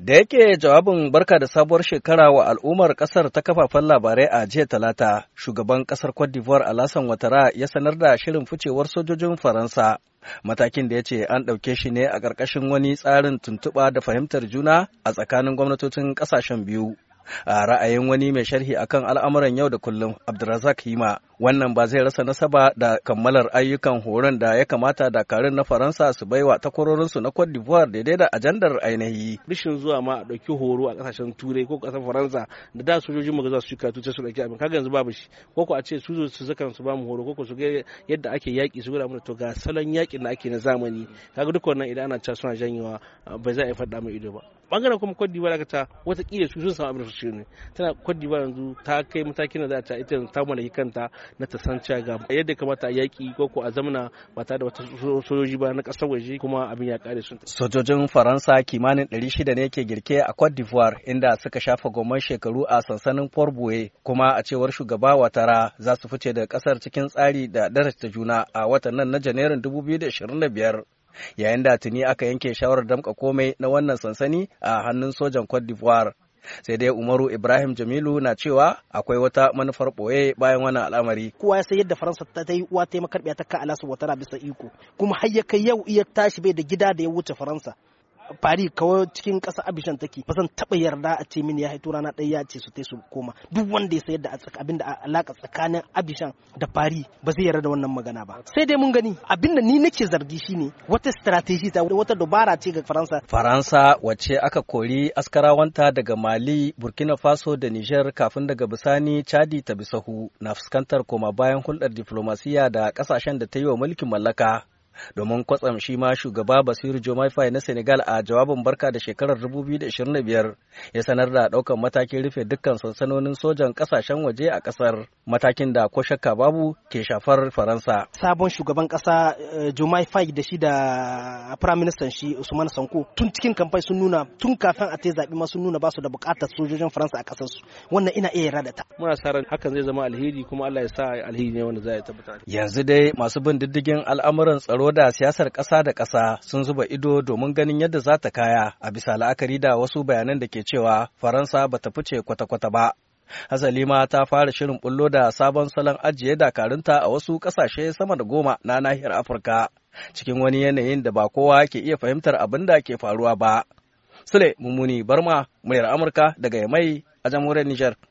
Da yake jawabin barka da sabuwar shekara wa al'ummar kasar ta kafafen labarai a jiya talata, shugaban kasar Cote d'Ivoire Alassane Ouattara ya sanar da shirin ficewar sojojin Faransa. Matakin da ya ce an ɗauke shi ne a ƙarƙashin wani tsarin tuntuɓa da fahimtar juna a tsakanin gwamnatocin ƙasashen biyu. A ra'ayin wani mai sharhi akan al'amuran yau da kullum, Abdulrazak Hima, wannan ba zai rasa nasaba da kammalar ayyukan horon da ya kamata dakarun na faransa su baiwa takwarorinsu na cote d'ivoire daidai da ajandar ainihi rishin zuwa ma a ɗauki horo a ƙasashen turai ko ƙasar faransa da da sojojin mu za su karatu ta su ɗauki abin kaga yanzu babu shi ko ko a ce su su zakan su mu horo ko ko su ga yadda ake yaƙi su gura mana to ga salon yaƙin da ake na zamani kaga duk wannan idan ana cewa suna janyewa ah, ba za a yi faɗa mai ido ba bangaren kuma Cote d'Ivoire ta wata kila su sun samu abin su ne tana Cote d'Ivoire yanzu ta kai matakin da za ta ita ta mallaki kanta na ta san cewa ga yadda kamata a yaƙi ko ko a zamana ba tare da wata sojoji ba na ƙasar waje kuma abin ya kare su. sojojin faransa kimanin 600 ne ke girke a cote d'ivoire inda suka shafa goman shekaru a sansanin port kuma a cewar shugaba watara za su fice da kasar cikin tsari da darasta juna a watan nan na janairun 2025 yayin da tuni aka yanke shawarar damka komai na wannan sansani a hannun sojan cote d'ivoire sai dai umaru ibrahim jamilu na cewa akwai wata manufar boye bayan wannan al'amari kowa ya san yadda faransa ta yi uwa ta makarbiya ta ka alasu wata bisa iko kuma har ya kai yau iya tashi bai da gida da ya wuce faransa fari kawai cikin ƙasa abishan take ba zan taɓa yarda a ce mini ya haito rana ɗaya ya ce su tai su koma duk wanda ya sayar da abin da alaƙa tsakanin abishan da fari ba zai yarda da wannan magana ba sai dai mun gani abin da ni nake zargi shine wata strategy ta wata dabara ce ga faransa faransa wacce aka kori askarawanta daga mali burkina faso da niger kafin daga bisani chadi ta bisahu na fuskantar koma bayan hulɗar diplomasiya da ƙasashen da ta yi wa mulkin mallaka domin kwatsam shi ma shugaba Basiru Jomai na Senegal a jawabin barka da shekarar 2025 ya sanar da daukan matakin rufe dukkan sansanonin sojan kasashen waje a ƙasar matakin da ko shakka babu ke shafar Faransa. Sabon shugaban kasa Jomai eh, Fai da shi da Prime Minister shi Usman Sanko tun cikin kamfai sun nuna tun kafin a te zaɓi ma sun nuna ba su da buƙatar sojojin Faransa a kasar su wannan ina iya yarda da ta. Muna sa hakan zai zama alheri kuma Allah ya sa alheri ne wanda za ya tabbata. Yanzu dai masu bin diddigin al'amuran tsaro da siyasar ƙasa da ƙasa sun zuba ido domin ganin yadda za ta kaya a bisa la'akari da wasu bayanan da ke cewa Faransa ba ta fice kwata-kwata ba. ma ta fara shirin bullo da sabon salon ajiye dakarunta a wasu ƙasashe sama da goma na nahiyar Afirka cikin wani yanayin da ba kowa ke iya fahimtar abin da ke faruwa ba. Sule Mummuni Barma, muryar Amurka daga Yamai a jamhuriyar Nijar.